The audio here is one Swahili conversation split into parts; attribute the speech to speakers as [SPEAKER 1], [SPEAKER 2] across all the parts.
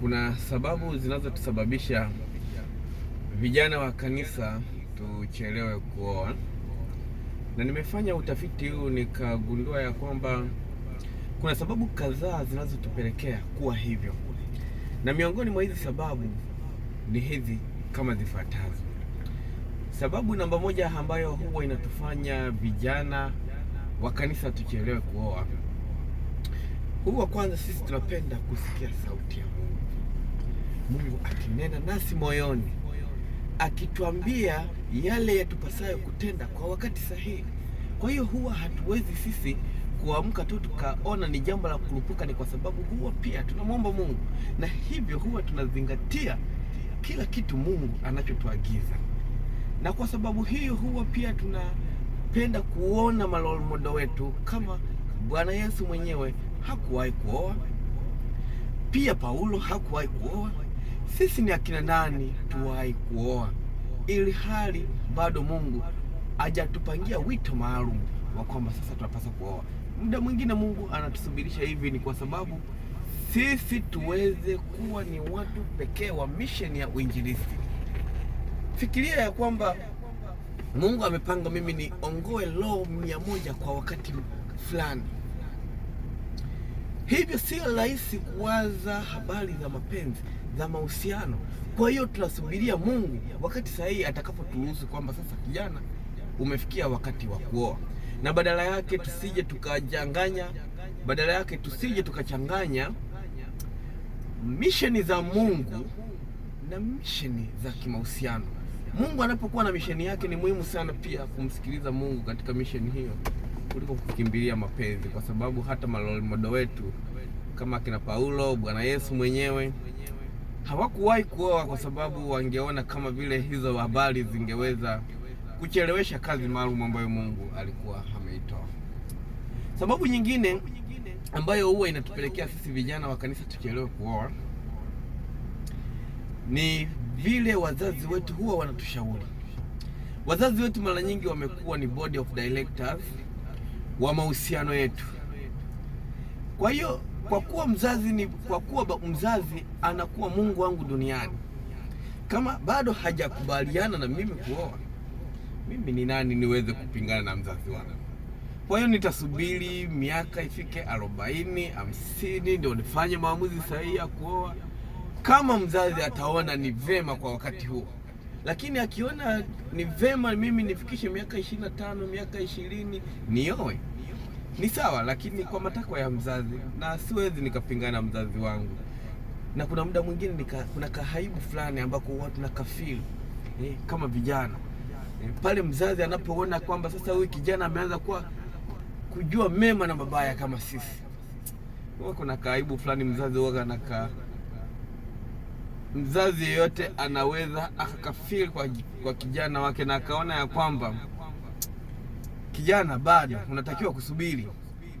[SPEAKER 1] Kuna sababu zinazotusababisha vijana wa kanisa tuchelewe kuoa, na nimefanya utafiti huu nikagundua ya kwamba kuna sababu kadhaa zinazotupelekea kuwa hivyo, na miongoni mwa hizi sababu ni hizi kama zifuatazo. Sababu namba moja ambayo huwa inatufanya vijana wa kanisa tuchelewe kuoa, huwa kwanza sisi tunapenda kusikia sauti ya Mungu. Mungu akinena nasi moyoni, akituambia yale yatupasayo kutenda kwa wakati sahihi. Kwa hiyo huwa hatuwezi sisi kuamka tu tukaona ni jambo la kulupuka, ni kwa sababu huwa pia tunamwomba Mungu, na hivyo huwa tunazingatia kila kitu Mungu anachotuagiza, na kwa sababu hiyo huwa pia tunapenda kuona malolomodo wetu kama Bwana Yesu mwenyewe hakuwahi kuoa, pia Paulo hakuwahi kuoa sisi ni akina nani tuwahi kuoa, ili hali bado Mungu hajatupangia wito maalum wa kwamba sasa tunapaswa kuoa. Muda mwingine Mungu anatusubirisha hivi, ni kwa sababu sisi tuweze kuwa ni watu pekee wa misheni ya uinjilisti. Fikiria ya kwamba Mungu amepanga mimi niongoe roho mia moja kwa wakati fulani Hivyo sio rahisi kuwaza habari za mapenzi za mahusiano. Kwa hiyo tunasubiria Mungu wakati sahihi atakapoturuhusu kwamba sasa, kijana, umefikia wakati wa kuoa, na badala yake tusije tukajanganya, badala yake tusije tukachanganya misheni za Mungu na misheni za kimahusiano. Mungu anapokuwa na misheni yake, ni muhimu sana pia kumsikiliza Mungu katika misheni hiyo kuliko kukimbilia mapenzi, kwa sababu hata marolmodo wetu kama kina Paulo, Bwana Yesu mwenyewe hawakuwahi kuoa kwa sababu wangeona kama vile hizo habari zingeweza kuchelewesha kazi maalum ambayo Mungu alikuwa ameitoa. Sababu nyingine ambayo huwa inatupelekea sisi vijana wa kanisa tuchelewe kuoa ni vile wazazi wetu huwa wanatushauri. Wazazi wetu mara nyingi wamekuwa ni board of directors wa mahusiano yetu. Kwa hiyo kwa kuwa mzazi ni kwa kuwa mzazi anakuwa Mungu wangu duniani, kama bado hajakubaliana na mimi kuoa, mimi ni nani niweze kupingana na mzazi wangu? Kwa hiyo nitasubiri miaka ifike arobaini, hamsini ndio nifanye maamuzi sahihi ya kuoa, kama mzazi ataona ni vema kwa wakati huo lakini akiona ni vema mimi nifikishe miaka ishirini na tano miaka ishirini nioe ni sawa, lakini kwa matakwa ya mzazi, na siwezi nikapingana mzazi wangu. Na kuna muda mwingine nika, kuna kahaibu fulani ambako huwa kafili eh, kama vijana eh, pale mzazi anapoona kwamba sasa huyu kijana ameanza kuwa kujua mema na mabaya kama sisi, huwa kuna kahaibu fulani mzazi huwa anaka mzazi yeyote anaweza akakafiri kwa, kwa kijana wake na akaona ya kwamba kijana bado unatakiwa kusubiri,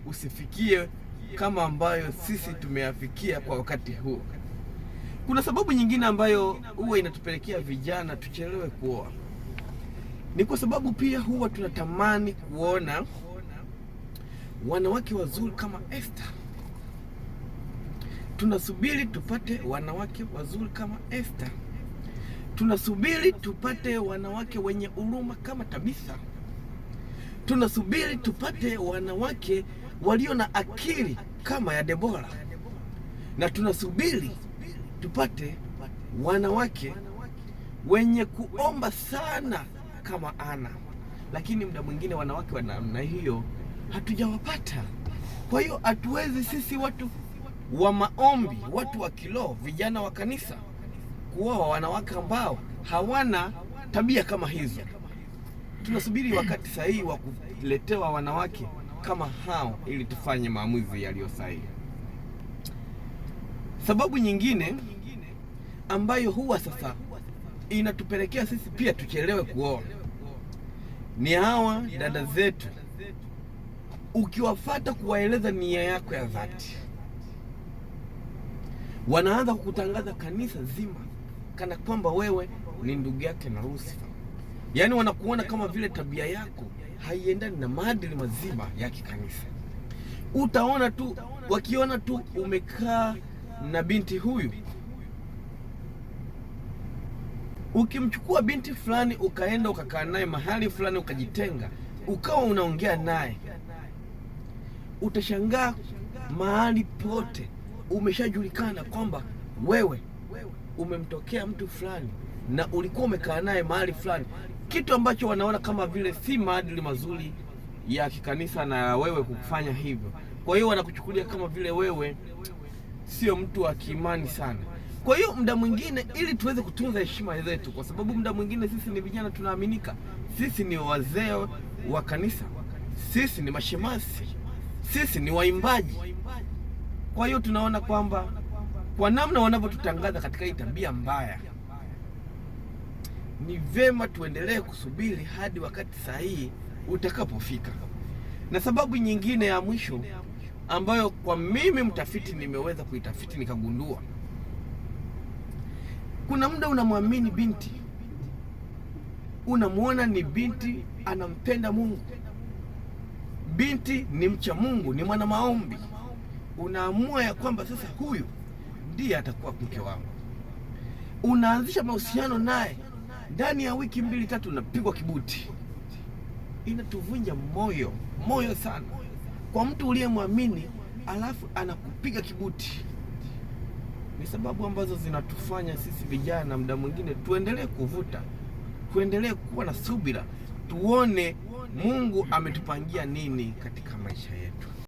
[SPEAKER 1] usifikie kama ambayo sisi tumeyafikia kwa wakati huo. Kuna sababu nyingine ambayo huwa inatupelekea vijana tuchelewe kuoa, ni kwa sababu pia huwa tunatamani kuona wanawake wazuri kama Esther Tunasubiri tupate wanawake wazuri kama Esther. Tunasubiri tupate wanawake wenye huruma kama Tabitha. Tunasubiri tupate wanawake walio na akili kama ya Debora, na tunasubiri tupate wanawake wenye kuomba sana kama Ana. Lakini muda mwingine wanawake wa namna hiyo hatujawapata. Kwa hiyo hatuwezi sisi watu wa maombi, watu wa kiloo vijana wa kanisa, kuoa wanawake ambao hawana tabia kama hizo. Tunasubiri wakati sahihi wa kuletewa wanawake kama hao ili tufanye maamuzi yaliyo sahihi. Sababu nyingine ambayo huwa sasa inatupelekea sisi pia tuchelewe kuoa ni hawa dada zetu, ukiwafata kuwaeleza nia yako ya dhati wanaanza kukutangaza kanisa zima kana kwamba wewe ni ndugu yake na Lusifa. Yaani wanakuona kama vile tabia yako haiendani na maadili mazima ya kikanisa. Utaona tu wakiona tu umekaa na binti huyu, ukimchukua binti fulani ukaenda ukakaa naye mahali fulani, ukajitenga, ukawa unaongea naye, utashangaa mahali pote umeshajulikana kwamba wewe umemtokea mtu fulani na ulikuwa umekaa naye mahali fulani, kitu ambacho wanaona kama vile si maadili mazuri ya kikanisa na wewe kufanya hivyo. Kwa hiyo wanakuchukulia kama vile wewe sio mtu wa kiimani sana. Kwa hiyo muda mwingine, ili tuweze kutunza heshima zetu, kwa sababu muda mwingine sisi ni vijana, tunaaminika, sisi ni wazee wa kanisa, sisi ni mashemasi, sisi ni waimbaji kwa hiyo tunaona kwamba kwa namna wanavyotutangaza katika hii tabia mbaya, ni vema tuendelee kusubiri hadi wakati sahihi utakapofika. Na sababu nyingine ya mwisho ambayo kwa mimi mtafiti nimeweza kuitafiti nikagundua, kuna muda unamwamini binti, unamwona ni binti anampenda Mungu, binti ni mcha Mungu, ni mwana maombi unaamua ya kwamba sasa huyu ndiye atakuwa mke wangu, unaanzisha mahusiano naye, ndani ya wiki mbili tatu unapigwa kibuti. Inatuvunja moyo moyo sana kwa mtu uliyemwamini, alafu anakupiga kibuti. Ni sababu ambazo zinatufanya sisi vijana muda mwingine tuendelee kuvuta, tuendelee kuwa na subira, tuone Mungu ametupangia nini katika maisha yetu.